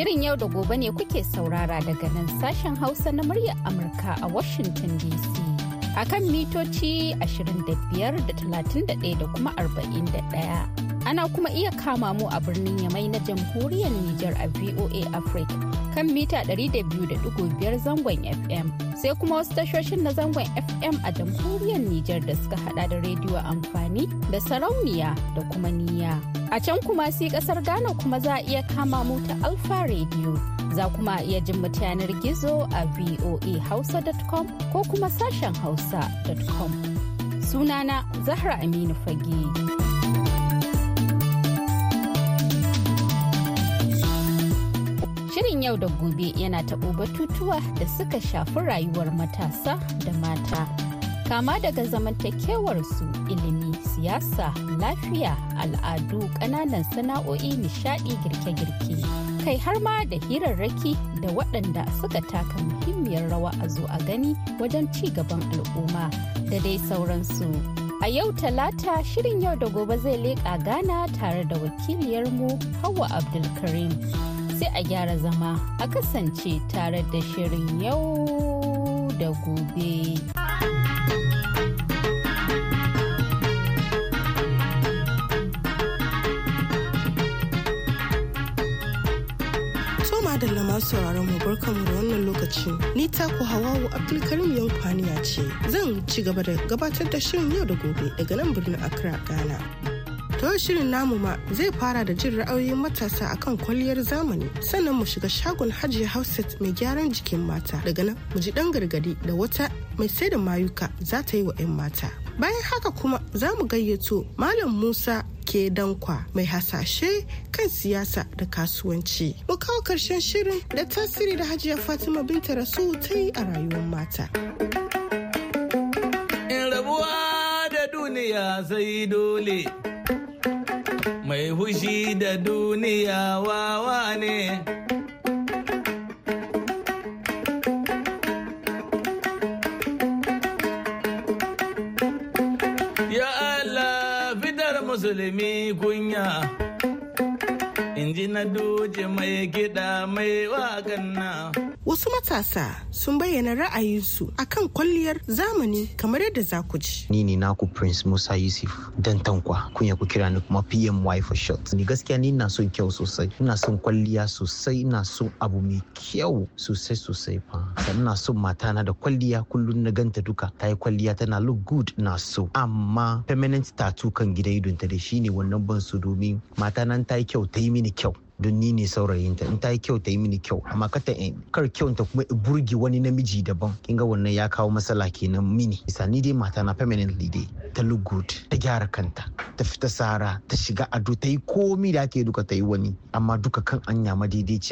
Shirin yau da gobe ne kuke saurara daga nan sashen Hausa na muryar Amurka a Washington DC. A kan mitoci 25 da 31 da kuma 41. Ana kuma iya kama mu a birnin Yamai na jamhuriyar Nijar a VOA Africa kan mita 200.5 zangon FM. Sai kuma wasu tashoshin na zangon FM a jamhuriyar Nijar da suka hada da rediyo amfani da sarauniya da kuma niya. A can kuma si kasar Ghana kuma za a iya kama mu ta Alfa rediyo Za kuma iya jin yanar gizo a voahausa.com ko kuma sashen hausa.com. Sunana Zahra Aminu Fage. yau da gobe yana taɓo batutuwa da suka shafi rayuwar matasa da mata. Kama daga zamantakewarsu ilimi, siyasa, lafiya, al'adu, ƙananan sana'o'i, nishaɗi, girke-girke. Kai har ma da hirarraki da waɗanda suka taka muhimmiyar rawa a zo a gani wajen ci gaban al'umma da dai sauransu. A yau talata shirin yau da gobe zai leƙa gana tare da wakiliyarmu hawa Abdulkarim. sai a gyara zama a kasance tare da shirin yau da gobe. madalla masu sauraron mu barkamu da wannan lokaci ni taku hawawu abdulkarim kwaniya ce zan ci gaba da gabatar da shirin yau da gobe daga nan birnin accra ghana To shirin namu ma zai fara da jin ra'ayoyin matasa akan kwalliyar zamani sannan mu shiga shagon hajiya hauset mai gyaran jikin mata daga nan mu ji dan gargadi da wata mai sai da mayuka za ta yi wa 'yan mata. Bayan haka kuma za mu gayyato Malam Musa ke dankwa mai hasashe kan siyasa da kasuwanci. Mu kawo karshen shirin da tasiri da hajiya Fatima Binta Rasu ta yi a rayuwar mata. In rabuwa da duniya zai dole. mai hushi da duniya wawa ne. Ya Allah fitar musulmi kunya, in ji na doje mai gida mai waƙan na. Wasu matasa sun bayyana ra'ayinsu kan kwalliyar zamani kamar yadda za ku ji. Ni ne naku Prince Musa Yusuf dan tankwa kunya ku kira ni kuma PMY for short. Ni gaskiya ni na son kyau sosai, ina son kwalliya sosai, ina son abu mai kyau sosai sosai fa. Sannan ina son mata na da kwalliya kullum na ganta duka ta yi kwalliya tana look good na so. Amma permanent tattoo kan gida idon ta da shine wannan ban su domin mata nan ta yi kyau ta yi mini kyau. don ni ne saurayinta in ta yi kyau ta yi mini kyau amma kata kar ta kuma in burge wani namiji daban kin ga wannan ya kawo matsala kenan mini isa ni dai mata na permanently dai ta look good ta gyara kanta ta fita sara ta shiga ado ta yi komi da ake duka ta yi wani amma duka kan anya a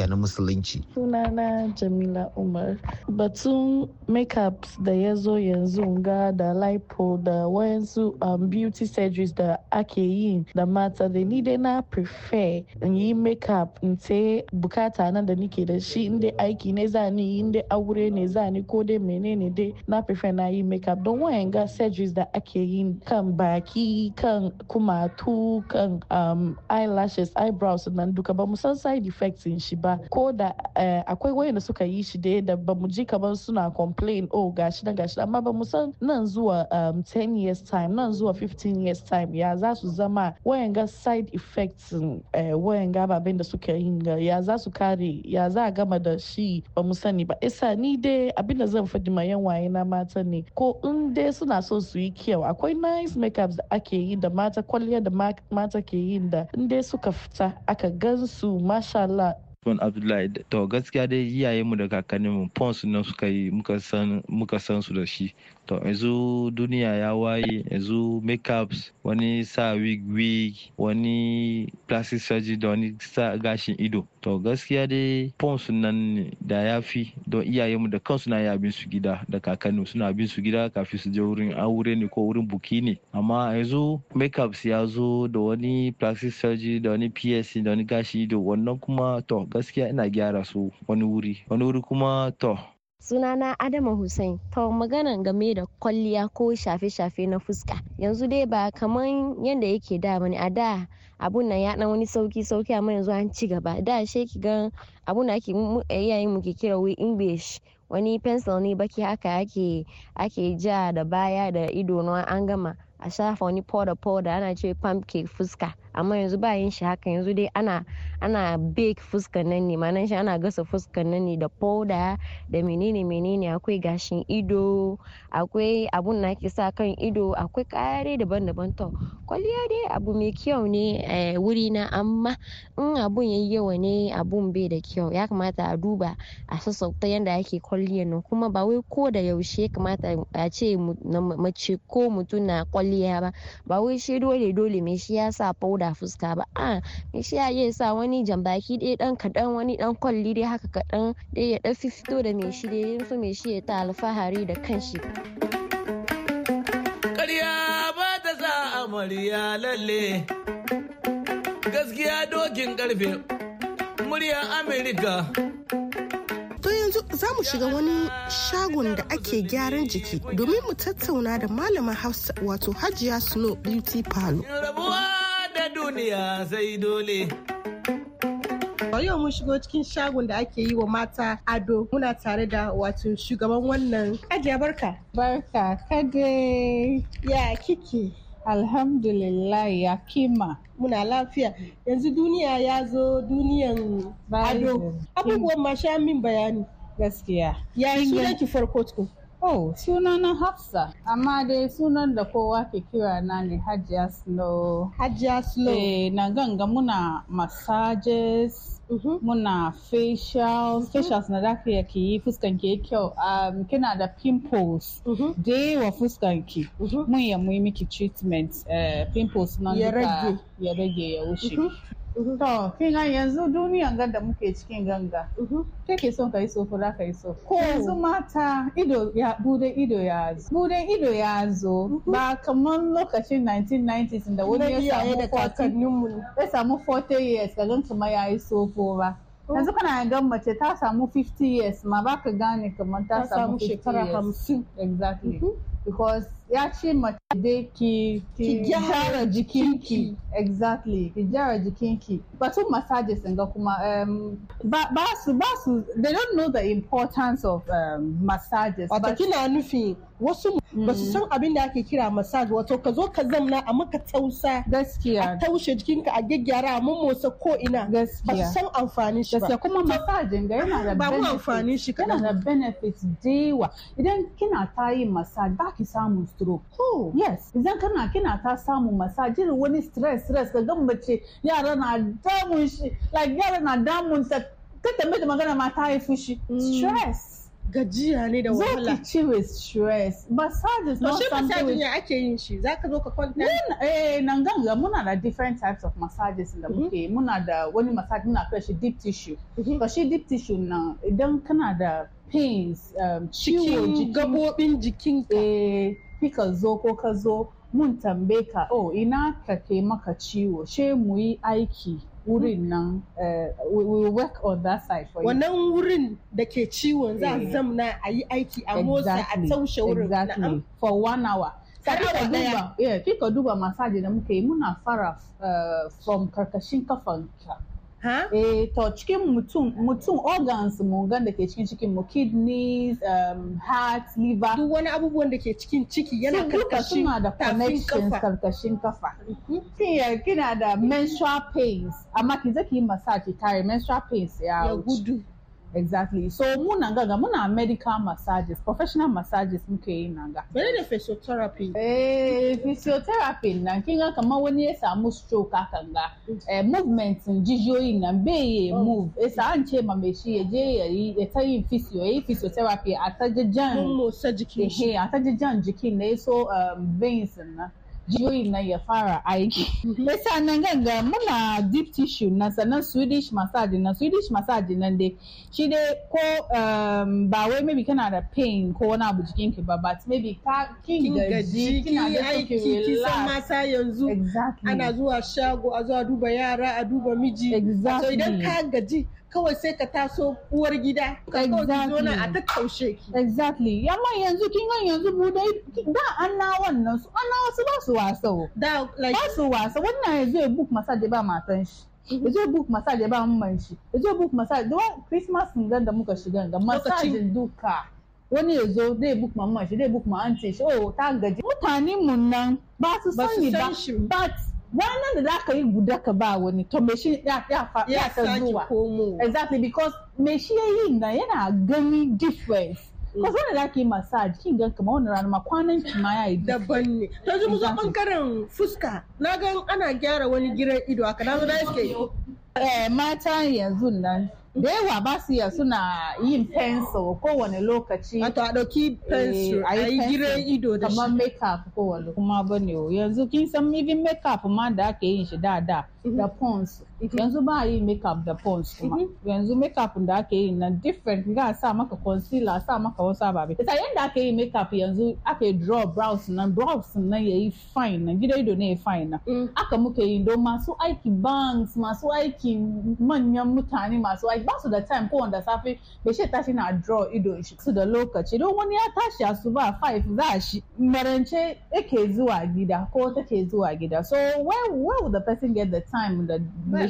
na musulunci sunana jamila umar batun makeup da ya zo yanzu ga da lipo da wayansu um, beauty surgeries da ake yi da mata da ni dai na prefer in yi makeup ina in sai bukata nan da nike da shi in dai aiki ne za ni in dai aure ne za ni ko dai menene dai na prefer na yi makeup don wayan ga surgeries da ake yi kan baki kan kumatu kan um, eyelashes eyebrows nan duka ba mu san side effects in shi ba ko da eh, akwai wayanda suka yi shi dai da ba mu ji kaman suna complain oh gashi na gashi amma ba mu san nan zuwa um, 10 years time nan zuwa 15 years time ya za su zama wayan ga side effects uh, eh, wayan ga babin da suka yi ga ya za su kare ya za a gama da shi ba mu sani ba isa ni dai abinda zan faɗi ma yan waye na mata ne ko in dai suna so su yi kyau akwai nice makeup da ake yi da mata kwalliya da mata ke yin da in dai suka fita aka gan su masha Allah Fon Abdullahi to gaskiya dai iyaye mu da kakanni mu pons nan suka yi muka san muka san su da shi to yanzu duniya ya waye yanzu makeups wani sa wig wig wani plastic surgery da wani sa gashin ido to gaskiya dai pons nan da ya fi don iyayenmu da kansu na ya bin su gida da kakanni suna bin su gida kafin su je wurin aure ne ko wurin buki ne amma yanzu makeups ya zo da wani plastic surgery da wani psc da wani gashi da wannan kuma to gaskiya ina gyara su wani wuri wani wuri kuma to sunana adama hussein to magana game da kwalliya ko shafe-shafe na fuska yanzu dai ba kamar yadda yake da bane a da abun nan ya dan wani sauki sauki amma yanzu an ci gaba da she ki ga abun da ake eh, yayin mu ke kira wai english wani pencil ne baki haka ake ake ja da baya da ido na an gama a shafa wani powder powder ana ce pancake fuska amma yanzu ba yin shi haka yanzu dai ana ana bake fuskan nan ne ma shi ana gasa fuskan nan ne da powder da menene menene akwai gashin ido akwai abun na ke sa kan ido akwai kare daban-daban to kwalliya dai abu mai kyau ne eh, wuri na amma in abun yayi yawa ne abun bai da kyau ya kamata a duba a sassauta yadda ake kwalliya nan kuma ba wai ko da yaushe ya kamata a ce mace ko mutum na kwalliya kwalliya ba ba wai shi dole dole mai shi ya sa fauda fuska ba a mai shi ya sa wani jambaki dai dan kadan wani dan kwalli dai haka kadan dai ya da fito da mai shi dai so mai shi ya ta alfahari da kanshi ƙarya ba ta za murya lalle gaskiya dokin karfe murya amerika To yanzu za mu shiga wani shagon da ake gyaran jiki domin mu tattauna da malamin Hausa wato Hajiya Snow Beauty Palo. da duniya sai dole. yau mun shigo cikin shagon da ake yi wa mata ado muna tare da wato shugaban wannan hajiya barka barka kade ya kiki Alhamdulillah ya kima. Muna lafiya. Yanzu duniya ya zo duniyan ado. Abubuwan ma sha min bayani. Gaskiya. Ya yi farko tukun. Oh, suna na Hafsa, amma dai sunan da kowa ke kira na ne Hajiya Slow. Hajiya Slow. Eh, na ganga muna massages, mm -hmm. muna facials, mhm. facials na da ke yake yi fuskan ke kyau. Um, kina da pimples, mm -hmm. da yawa fuskan ki. Mm -hmm. Mun ya mu yi miki treatment, uh, pimples nan ya rage ya wuce. Mhm. to kin ga yanzu duniyan gan da muke cikin ganga Ta mm-hmm. ke son ka yi so fura ka yi so Ko yanzu mata ido ya bude ido ya zo bude ido ya zo mm-hmm. ba kamar lokacin 1990s da wani ya samu mu. ya samu 40 years ka gan kuma ya yi so ba mm-hmm. yanzu kana gan mace ta samu 50 years ma ba ka gane kamar ta samu shekara 50 exactly because ya ce mace dai ki gyara jikinki exactly ki gyara jikinki batun massages ga kuma um, ba su ba su they don't know the importance of um, massages wata kina nufi wasu ba su mm-hmm. san abin da ake kira massage wato ka zo ka zamna a maka tausa gaskiya a taushe jikinka a gyaggyara a mummosa ko ina gaskiya ba su san amfani shi ba kuma massage ga yana da ba mu amfani shi kana da benefit dewa idan kina ta yi massage ba ki samun stroke oh yes idan kana kina ta samun masajin wani stress stress ka gan mace yara na damun shi like yara na damun ka magana ma ta shi mm. stress gajiya ne da wahala. Zaki stress. Massage is not something. ya ake yin shi. zo ka kwanta. Eh nan ganga muna da different types of massages da mm-hmm. muke. Muna da wani massage muna kai shi deep tissue. Ba mm-hmm. shi deep tissue nan idan kana da pains, um, ciwo, gabobin Eh kika zo ko ka zo mun tambe ka oh ina ka ke maka ciwo she mu yi aiki wurin nan eh, we will work on that side for you wannan wurin da ke ciwon za a eh. zamna a yi aiki a motsa a taushe wurin exactly for one hour kika duba yeah kika duba masaji da muka yi muna fara eh, from karkashin kafanka Ha? Eh, to cikin mutum, mutum organs mu gan da ke cikin cikin mu kidneys, um, heart, liver. Duk wani abubuwan da ke cikin ciki yana karkashin suna da connections karkashin kafa. Mhm. Kiyar kina da menstrual pains, amma ki zaki massage tare menstrual pains ya gudu. Exactly. So na nga ga na medical massages, professional massages muke yi nga. Bari da physiotherapy. Eh physiotherapy na kinga kama wani ya samu stroke hakan ga. Eh movement jijiyoyin na, bai ya oh. move. Esa anche an ce ma mai shi ya je ya yi ya ta physio, ya physiotherapy a ta jijan. Mun motsa jikin. Eh a ta jijan jikin so um, veins na. jiyoyin nan ya fara aiki. Yasa mm-hmm. nan ganga muna deep tissue na sannan Swedish massage na Swedish massage nan dai shi dai ko um, ba wai maybe kana da pain ko wani abu jikin ki ba but maybe ka kin gaji kina da aiki ki san masa yanzu ana zuwa shago a zuwa duba yara a duba miji. Exactly. So idan ka gaji kawai sai ka taso uwar gida ka kawai zo nan a ki exactly yanzu kin ga yanzu mu dai da annawan nan su annawa su ba su wasa da like ba su wasa wannan yanzu ya book massage ba matan shi mhm. ya zo book massage ba shi ya zo book massage da christmas din da muka shiga ga massage duka wani ya zo zai book shi book ma auntie shi oh ta gaji mutanen mun nan ba su sani ba but wannan da zaka yi guda ka ba wani to me shi ya ya ya ta zuwa exactly because me shi yayi na yana gani difference ko mm. zo da za ki massage kin gan kama wannan rana ma kwanan ki ma yayi daban ne. To yanzu mu zo bangaren fuska na ga ana gyara wani giran ido haka na zo da yake. Eh mata yanzu nan da yawa ba su iya suna yin pencil kowane lokaci wato a ɗauki pencil eh, a yi giren ido da shi kamar makeup kowane kuma bane yanzu kin san even makeup ma da ake yin shi da da da mhm. pons yanzu ba yi makeup da pons kuma mhm. yanzu makeup da ake yi na different ga sa maka concealer sa maka wasu ababe ta yanda ake yi makeup yanzu ake draw brows na brows na yayi fine nan gida ido ne fine nan mm. aka muke yi don masu aiki banks masu aiki manyan mutane masu aiki ba su da time ko wanda safe bai shi tashi na draw ido shi su da lokaci don wani ya tashi asuba 5 za shi marance yake zuwa gida ko take zuwa gida so where where will the person get the time da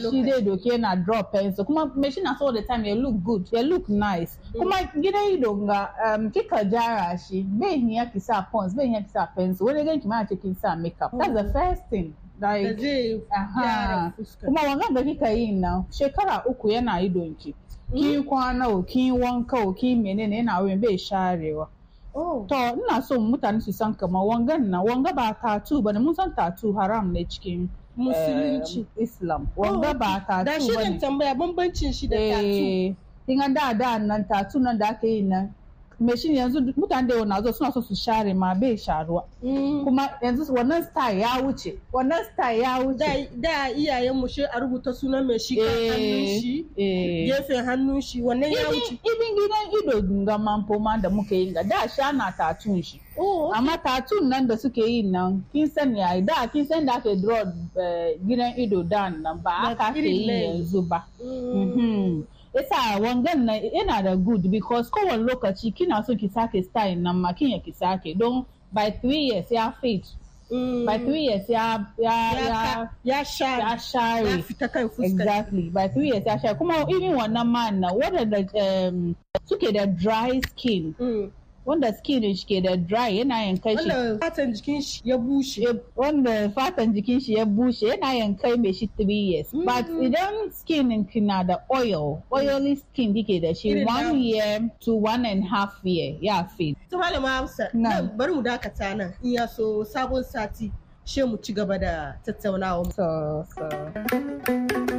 shi dai yana draw pencil kuma machine na so all the time ya look good ya look nice mm. kuma gida idon ga um, kika jara shi bai ya sa pons bai ya ki pencil wani ganki ma ce sa makeup that's the mm. first thing like uh-huh. kuma wanga da kika yi na shekara uku yana idonki kin mm. kwana o kin wanka o kin menene yana wurin bai sharewa oh. to ina so mutane su san kamar wangan na wanga ba tatu ba mun san tatu haram ne cikin musulunci eh, islam wanda oh, ba tatu da shi tambaya bambancin shi da tatu kin eh, da da nan tatu nan da ake yi nan mai shi yanzu mutane da yawa na zo suna so su share ma bai sharuwa mm. kuma yanzu wannan style ya wuce wannan style ya wuce da iyayen mu shi a rubuta sunan mai shi kan eh, hannun shi eh. gefen hannun shi wannan ya wuce ibin gidan ido ga ma da muka yi ga da sha na tatun shi oh, amma tatun nan da suke yi nan kin san ya da kin san da ake draw eh, gidan ido da nan ba aka ke yi yanzu ba mm. mhm. yasa wangan na, yana da good because kowane lokaci kina so ki sake style nan ma kinya ki sake don by three years ya fit. Mm. by three years ya ya ya ya share ya share ya fita kan fuskar exactly by three years ya share kuma irin wannan man na waɗanda um, suke da dry skin mm. wanda skin shi ke da dry yana yankai shi wanda fatan jikin shi ya bushe eh, wanda fatan jikin shi ya bushe yana yankai mai shi 3 years mm. but idan skin na da oil oily skin kike da shi 1 year to 1 and half year ya fi. to malama Hafsa na bari mu dakata nan in ya so sabon sati she mu ci gaba da tattaunawa so so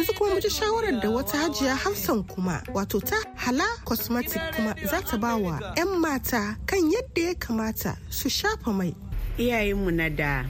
yanzu kuma mu ji shawarar da wata hajiya hamsan kuma wato ta hala cosmetic kuma za ta ba wa 'yan mata kan yadda ya kamata su shafa mai iyayenmu na da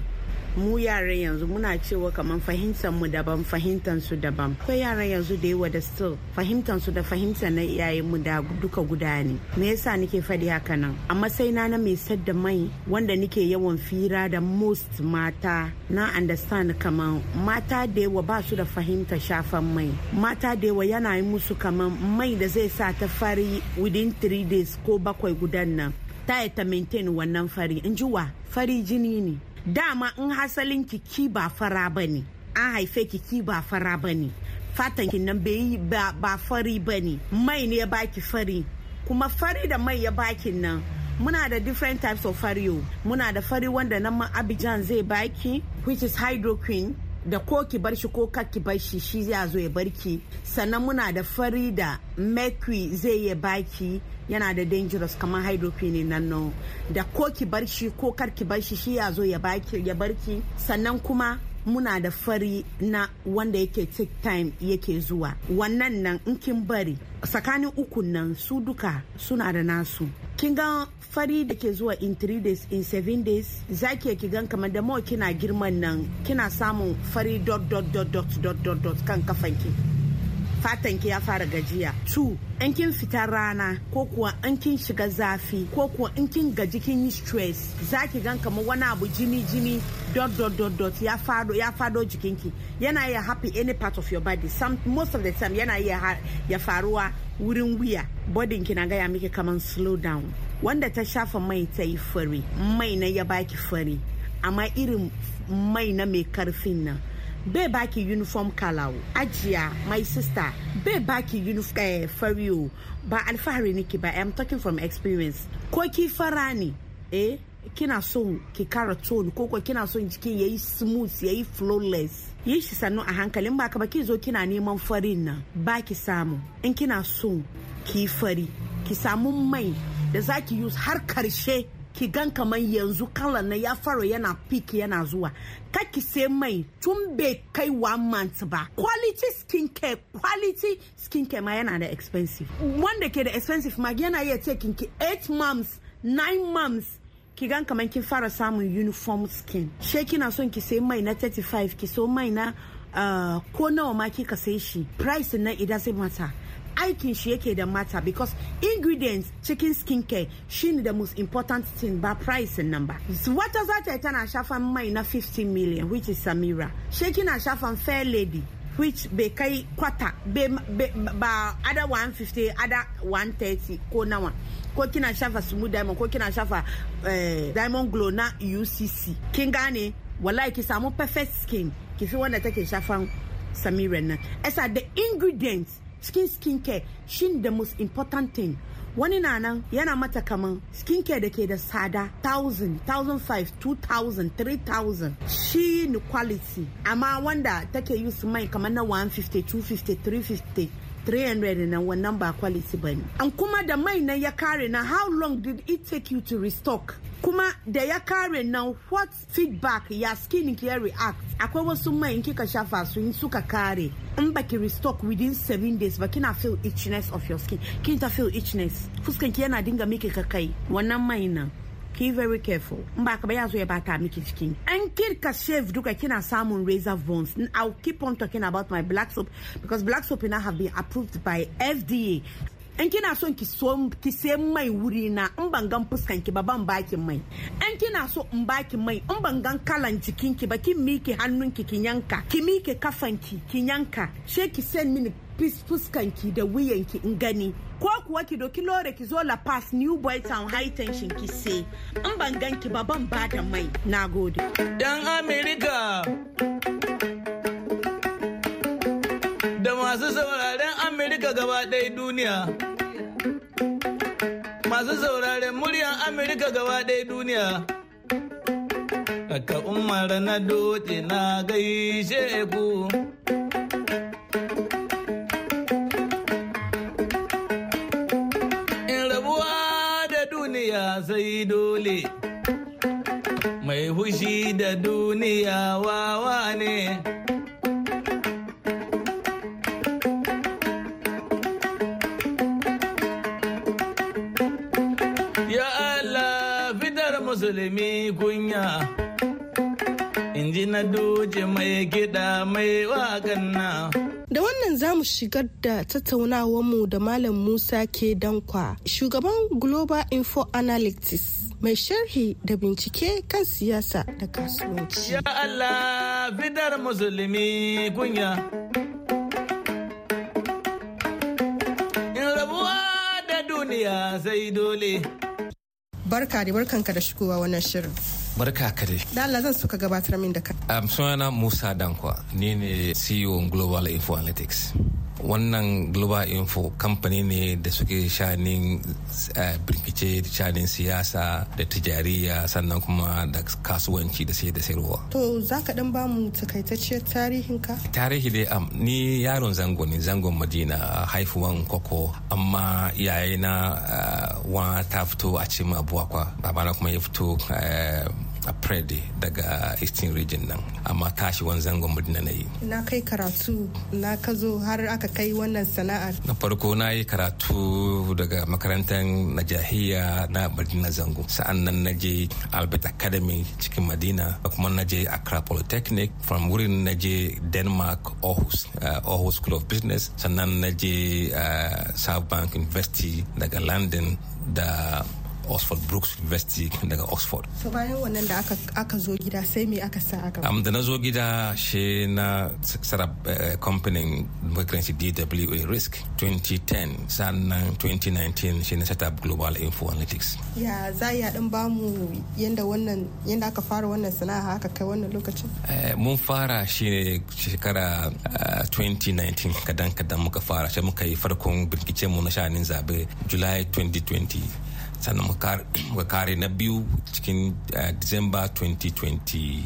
mu yaran yanzu muna cewa kamar fahimtar mu daban fahimtar su daban akwai yaran yanzu da yawa da still fahimtar su da fahimtar na iyayen mu da duka guda ne me yasa nake fadi haka nan amma sai na na mai sadda mai wanda nake yawan fira da most mata na understand kamar mata da yawa ba su da fahimta shafan mai mata da yawa yana yi musu kamar mai da zai sa ta fari within 3 days ko bakwai gudan nan ta ta maintain wannan fari in ji wa fari jini ne dama in hasalin ki ba fara ne an haife ki ba fara bane fatan ki nan bai ba fari bane mai ne ya baki fari kuma fari da mai ya baki nan muna da different types of fari muna da fari wanda nan abidjan zai baki which is hydroquin. da ko ki bar shi ko ki bar shi shi zai zo ya barki sannan muna da fari da mercury zai ya baki yana da dangerous kamar hydroponic nan no da ko ki bar shi ko kar ki bar shi shi ya zo ya baki ya barki sannan kuma muna da fari na wanda yake take time yake zuwa wannan nan in kin bari tsakanin ukun nan su duka suna da nasu kin ga fari da ke zuwa in 3 days in 7 days zaki ki gan kamar da mawa kina girman nan kina samun fari dot dot dot dot dot dot kan kafanki fatan ki ya fara gajiya two in kin fita rana ko kuwa in kin shiga zafi ko kuwa in kin gaji kin yi stress zaki gan kamar wani abu jini jini dot dot dot dot ya fado ya fado jikinki yana iya happy any part of your body some most of the time yana iya ya faruwa wurin wuya bodin ki na gaya miki kaman slow down wanda ta shafa mai ta yi fari mai na ya baki fari amma irin mai na mai karfin nan bai baki uniform kala ajiya my sister bai baki uniform eh, fari o ba alfahari niki ba i'm talking from experience ko ki fara ne eh kina son ki kara tone ko kina son jikin yayi smooth yayi flawless yi shi sannu a hankalin ba ba ki zo kina neman farin nan ba ki samu in kina son ki fari ki samu mai da zaki use har karshe ki gan kaman yanzu kalan na ya faro yana peak yana zuwa ki sai mai tun bai kai one month ba quality skin care quality skin care ma yana da expensive wanda ke da expensive ma yana iya taking ki 8 months 9 months ki gan kaman kin fara samun uniform skin she kina son ki sai mai na 35 ki so mai na ah, ko nawa ma kika sai shi price na idan sai mata I can yake the matter because ingredients cikin skincare need the most important thing by price nan ba wata za ta yi tana shafan mai na 15 million which is samira she kina fair lady which be kai be by ada 150 ada 130 Kona one. ko kina shafa smooth diamond ko kina shafa eh, diamond glow na ucc kin gane wallahi perfect skin ki fi wanda take shafan samira nan esa the ingredients cikin care shin the most important thing wani na nan yana mata kaman care da ke da tsada 1000 1,500 2000 3000 shi ni quality amma wanda take use mai kamar na 150 250 350 300 nan wannan ba quality ba ne an kuma da mai na ya kare na how long did it take you to restock kuma da ya kare nan what feedback ya skin ya react akwai wasu mai in kika shafa su in suka kare in baki restock within 7 days ba kina feel itchiness of your skin kin feel itchiness fuskan ki yana dinga miki kakai wannan mai nan ki very careful in ba ka ba ya zo ya bata miki ciki an kirka shave duka kina samun razor bones i'll keep on talking about my black soap because black soap now have been approved by fda in kina so ki so ki sai mai wuri na in ban gan fuskan ki ba ban baki mai in kina so in baki mai in ban gan kalan jikin ki ba kin miki hannun ki ki yanka ki miki kafan ki ki yanka she ki send mini fuskanki da wuyanki in gani ko kuwa ki doki lore ki zo La pass New Boy Town High Tension ki se in ban ganki ba ban ba da mai nagode dan America da masu sauraren America gaba ɗaya duniya masu sauraren muryan america gaba ɗaya duniya. Kaka umar na dote na gaishe ku. zai dole mai hushi da duniya wawa ne ya Allah fitar musulmi kunya na doje mai gida mai wagan na. Da wannan za mu shigar da tattaunawar mu da Malam Musa ke dankwa, shugaban Global Info Analytics. Mai sharhi da bincike kan siyasa da kasuwanci. Ya Allah bidar musulmi gunya. In rabuwa da duniya sai dole. Barka da barkanka da shigowa wannan shirin. barka ka dai da Allah zan suka gabatar min da ka um, Musa Dankwa ni ne CEO Global Info Analytics wannan global info kamfani ne da suke shanin eh, birkice da shanin siyasa da tijariya sannan kuma da kasuwanci da sai da sayarwa to za ka dan ba mu takaitacciyar tarihin ka tarihi dai am ni yaron zango ne zangon madina haifuwan koko amma iyayena na eh, wa ta fito a abuwa kwa babana kuma ya fito eh, a prede daga eastern region nan amma tashi wani zangon madina na yi na kai karatu na ka zo har aka kai wannan sana'ar na farko na yi karatu daga makarantar najahiya na madina zango sa'an nan na je albert academy cikin madina kuma na je accra polytechnic from wurin na je denmark aarhus eh, aarhus school of business sannan na je eh, south bank university daga london da oxford brooks university daga oxford so bayan wannan da aka zo gida sai me aka sa aka am da na zo gida shi na set kamfanin eh, company dwa risk 2010 sannan 2019 shi na set up global info analytics ya za a ya dan mu yadda wannan yadda aka fara wannan sana'a aka kai wannan lokacin eh, mun fara shi shekara 2019 eh, kadan kadan muka fara shi muka yi farkon bincike mu na shanin zabe july 2020 sannan muka kare na biyu cikin eh, december 2020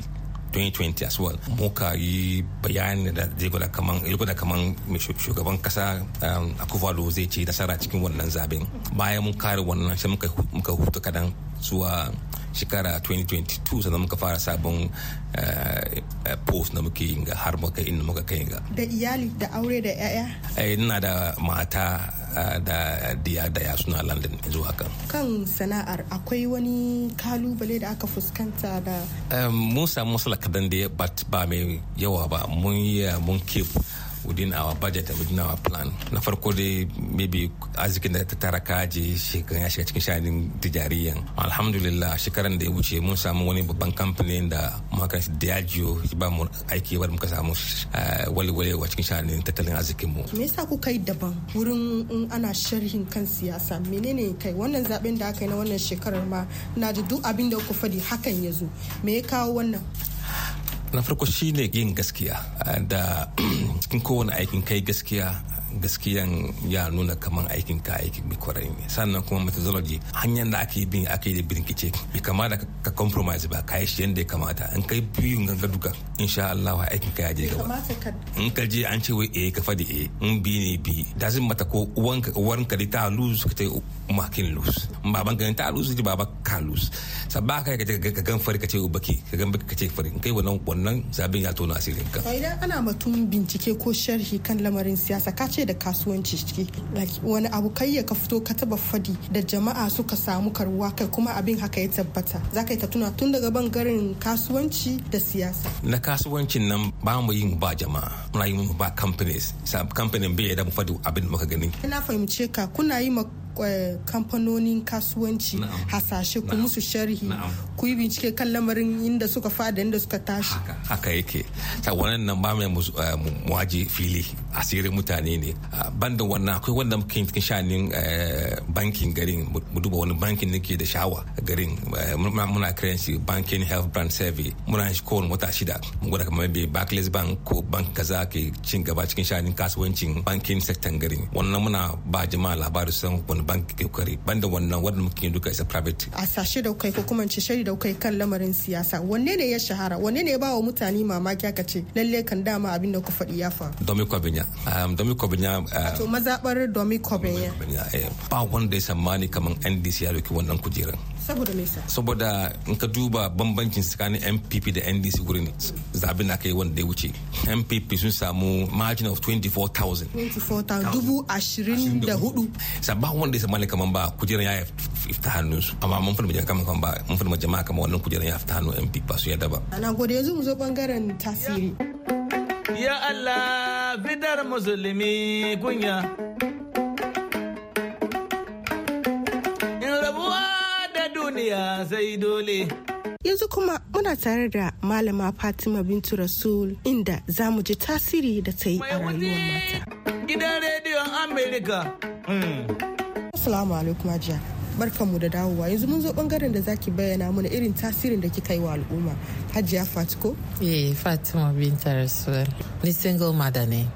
as well muka yi bayani da zai da kaman shugaban kasa um, akufado zai ce nasara cikin wannan zaben bayan mun kare wannan sai muka hutu kadan zuwa shekara 2022 sannan muka fara sabon eh, eh, post na muke yin ga har muka inda muka kai ga da iyali da aure da yaya eh, ina da mata da diya daya suna london zuwa kan kan sana'ar akwai wani kalubale da aka fuskanta da mun samu matsala kadan da ba mai yawa ba mun yi mun keep within our budget within our plan na farko dai maybe arzikin da ta tara kaji shekaru ya shiga cikin shanin tijariyan alhamdulillah shekaran da ya wuce mun samu wani babban kamfani da muka shi diageo shi ba mu aiki bar muka samu eh, walwale wa cikin shanin tattalin arzikin mu me yasa kuka yi daban wurin in ana sharhin kan siyasa menene kai wannan zaben da aka yi na wannan shekarar ma na ji duk abin da ku faɗi hakan ya zo me ya kawo wannan na farko shine yin gaskiya da cikin kowane aikin kai gaskiya gaskiyan ya nuna kaman aikin ka aikin bi kwarai ne sannan kuma methodology hanyar da ake bin ake da birkice bai kama da ka compromise ba ka yi shi yadda ya kamata in kai biyun ganga duka insha Allah wa aikin ka ya je gaba in ka je an ce wai eh ka fadi eh in bi ne bi da zin mata ko uwanka uwarka da ta lose ka ta makin lose baban ka ta lose ji baba ka lose sabba ka ka gan fari ka ce baki ka gan baki ka ce fari in kai wannan wannan zabin ya tona asirin ka idan ana batun bincike ko sharhi kan lamarin siyasa ka ce ce da kasuwanci ciki wani abu kai ya ka fito ka taba fadi da jama'a suka samu karuwa kai kuma abin haka ya tabbata za ka yi ta tuna tun daga bangaren kasuwanci da siyasa na kasuwancin nan ba mu yin ba jama'a muna yi ba companies sa kamfanin bai da mu fadi abin muka gani na fahimce ka kuna yi ma eh, kamfanonin kasuwanci hasashe ku musu sharhi ku yi bincike kan lamarin inda suka fada inda suka tashi haka yake sa wannan nan ba mu waje eh, fili asirin mutane ne ah, banda wannan akwai wanda muke cikin shanin eh, bankin garin mu duba wani bankin da ke da shawa garin eh, muna kiran shi bankin health brand survey muna shi kowane wata shida mu gwada kamar bai barclays bank ko bank kaza ke cin gaba cikin shanin kasuwancin bankin sektan garin wannan muna ba jama'a labari san wani bank ke kare banda wannan wanda muke duka isa private a sashe da kai ko kuma ce shari da kai kan lamarin siyasa wanne ne ya shahara wanne ne ya ba wa mutane mamaki aka ce lalle kan dama abin da ku faɗi ya faru domin kwabin Birniya. Um, Domin Birniya. Um, to mazaɓar Domin Birniya. Eh, ba wanda ya sammani kamar NDC ya doki wannan kujeran. Saboda me Saboda in ka duba bambancin tsakanin MPP da NDC gurin zaɓen na kai wanda ya wuce. MPP sun samu margin of 24,000. 24,000 dubu ashirin wanda ya sammani kamar ba kujerar ya fita su Amma mun fara jama'a kamar ba mun fara jama'a kamar wannan kujerar ya fita hannun MPP ba su yadda ba. Ana gode yanzu mu zo bangaren tasiri. Ya Allah. na fitar musulmi kunya. In rabuwa da duniya sai dole. Yanzu kuma muna tare da Malama Fatima Bintu Rasul inda za mu ji tasiri da ta yi a rayuwar mata. Gidan rediyon Amerika. Hmm. Assalamu alaikum ajiya. mu da dawowa yanzu mun zo bangaren da zaki bayyana mana irin tasirin da kika yi wa al'umma hajiya fatiko eh fatima binta rasuwar ni single mother ne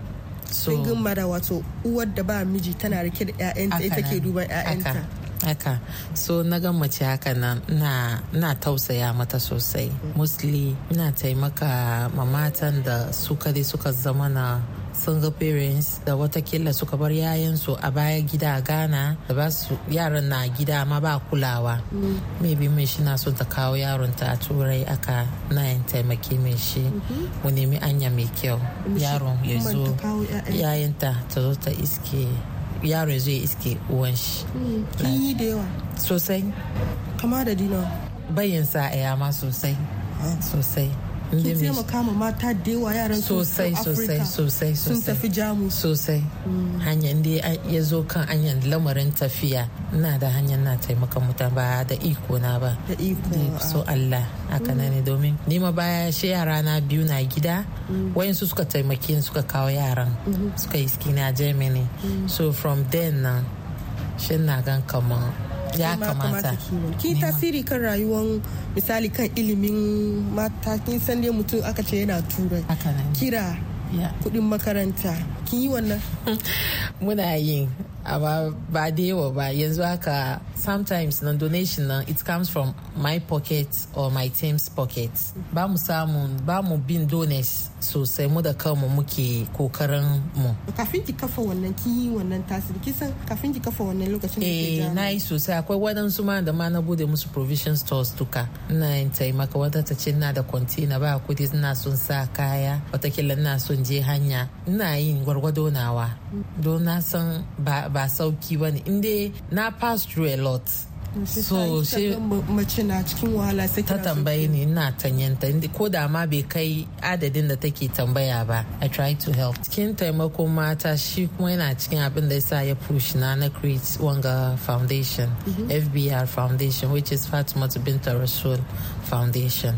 single mother wato uwar da ba miji tana rike da ƴaƴanta ita ke duban ƴaƴanta. haka so na ga mace haka na, na tausaya mata sosai mostly ina taimaka mamatan da suka dai suka zama na sun ga parents da watakila suka bar yayansu a baya gida a ghana da ba su yaran na gida ma ba kulawa mm. maybe mai shi na son ta kawo yaron ta a turai aka na yin taimaki mai shi mm-hmm. mu nemi anya mai kyau yaron ya zo yayanta ta zo ta iske yaro ya zo ya iske uwan shi mm. yi da yawa sosai kama da dina bayan sa'aya ma sosai ah. sosai kin taimaka ma mata da yawa yaran sosai sosai sosai sun tafi jamu sosai mm. hanyar da ya zo kan hanyar lamarin tafiya ina da hanyar na taimakon mutane ba da iko na ba da iko ah. so Allah haka na ne mm. domin ni ma baya shi yara na biyu na gida mm. wayan su suka taimake ni suka kawo yaran mm-hmm. suka yi na Germany so from then na shin na gan kaman ya kamata ki tasiri kan rayuwar misali kan ilimin mata kin san dai mutum aka ce yana turai kira kudin makaranta kin yi wannan muna yin amma ba da yawa ba yanzu haka sometimes na donation na it comes from my pocket or my team's pocket ba mu samun ba mu bin donors sosai mu da kanmu muke kokarin mu kafin ki kafa wannan ki wannan tasiri san kafin ki kafa wannan lokacin da ke eh, na yi sosai akwai waɗansu ma da ma na bude musu provision stores duka na yin taimaka wata ta ce na da container ba kudi ina son sa kaya watakila ina son je hanya ina yin gwargwado nawa don na san ba sauki bane in dai na pass through a lot so shi mace na cikin wahala sai ta tambaye ni ina tanyanta ko da ma bai kai adadin da take tambaya ba i try to help cikin taimako mata shi kuma yana cikin abin da yasa ya push na na create wanga foundation mm-hmm. fbr foundation which is fatima binta rasul foundation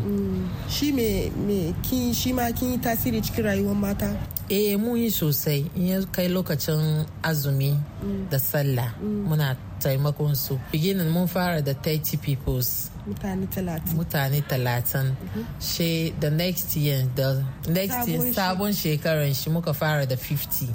shi me me kin shi ma kin yi tasiri cikin rayuwar mata eh mun yi sosai in ya kai lokacin azumi da sallah mm. muna taimakon su beginning mun fara da 30 peoples mutane talatin mutane talatin she the next year the next year sabon shekaran shi muka fara da 50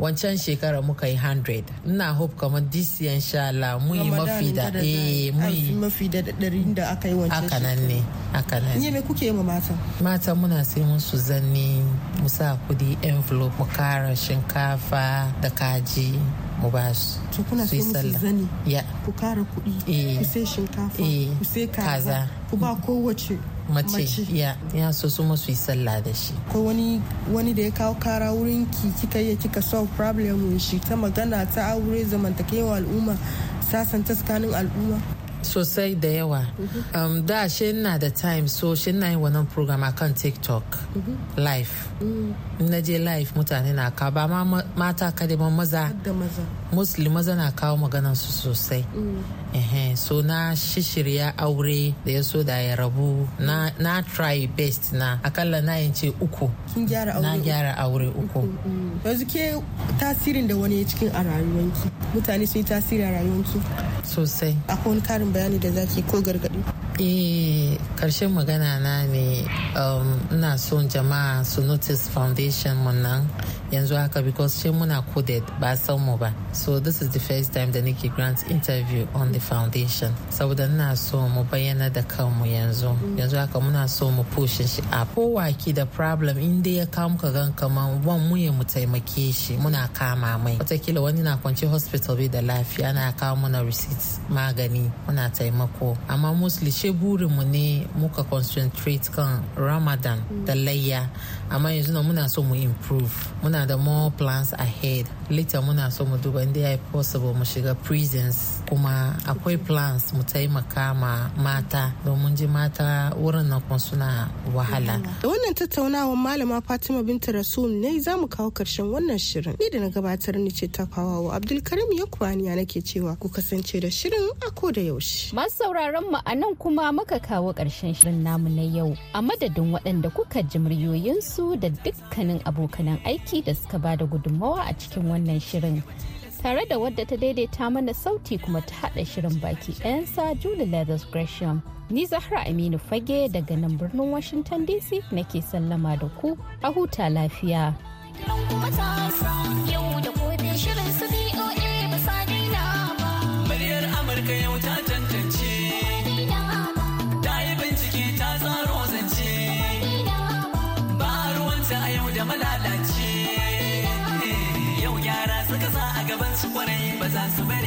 wancan shekara muka yi 100 ina hope kamar this year insha Allah mu yi mafi da eh mu yi mafi da 100 da aka yi wancan haka nan ne haka nan ne me kuke ma mata mata muna sai mun su zanni mu sa kudi envelope mu kara shinkafa da kaji mu ba su to kuna sai musu zani ku kara kuɗi ku eh. sai shinkafa eh. ku sai kaza ku ba kowace mace ya ya so su musu yi sallah da shi ko wani wani da ya kawo kara wurin ki kika yi kika solve problem shi ta magana ta aure zamantakewa al'umma sasanta tsakanin al'umma sosai da yawa mm-hmm. um, da shi na da time so shi na yin wannan program akan tiktok life mm-hmm. live mm. na je live mutane na kawo ba ma mata kada maza muslim maza na kawo maganansu su sosai mm. so na shishirya aure da ya so da ya rabu na, try best na akalla na yin ce uku na gyara aure uku mm, mm, mm. yanzu ke tasirin da wani ya cikin a rayuwanki mutane sun yi tasiri a rayuwanki sosai akwai wani karin bayani da zaki ko gargadi eh karshen magana na ne um, ina son jama'a su notice foundation mu nan yanzu haka because she muna coded ba san mu ba so this is the first time da nake grant interview on the foundation saboda ina so mu bayyana da kanmu yanzu yanzu haka muna so mu pushin shi a kowa da problem in dai ya kamu ka gan kaman wan mu ya mu taimake shi muna kama mai watakila wani na kwanci hospital bai da lafiya na kawo muna receipt magani muna taimako amma mostly she burin mu ne muka concentrate kan ramadan da layya amma yanzu muna so mu improve muna da more plans ahead later muna so mu duba inda ya possible mu shiga prisons kuma akwai plans mu taimaka ma mata domin ji mata wurin na kuma suna wahala da wannan tattaunawar malama fatima binta rasu ne za mu kawo karshen wannan shirin ni da na gabatar ni ce ta wa abdulkarim ya kwaniya nake cewa ku kasance da shirin a ko da yaushe masu sauraron mu a nan kuma muka kawo karshen shirin namu na yau a madadin waɗanda kuka ji muryoyinsu da dukkanin abokanan aiki da suka ba da gudunmawa a cikin wani wannan shirin. Tare da wadda ta daidaita mana sauti kuma ta haɗa shirin baki sa Julie Leathers Gresham. Ni Zahra Aminu Fage daga nan birnin Washington DC nake sallama da ku a huta lafiya. Yau da shirin su ba sa ba. i I'm so bad.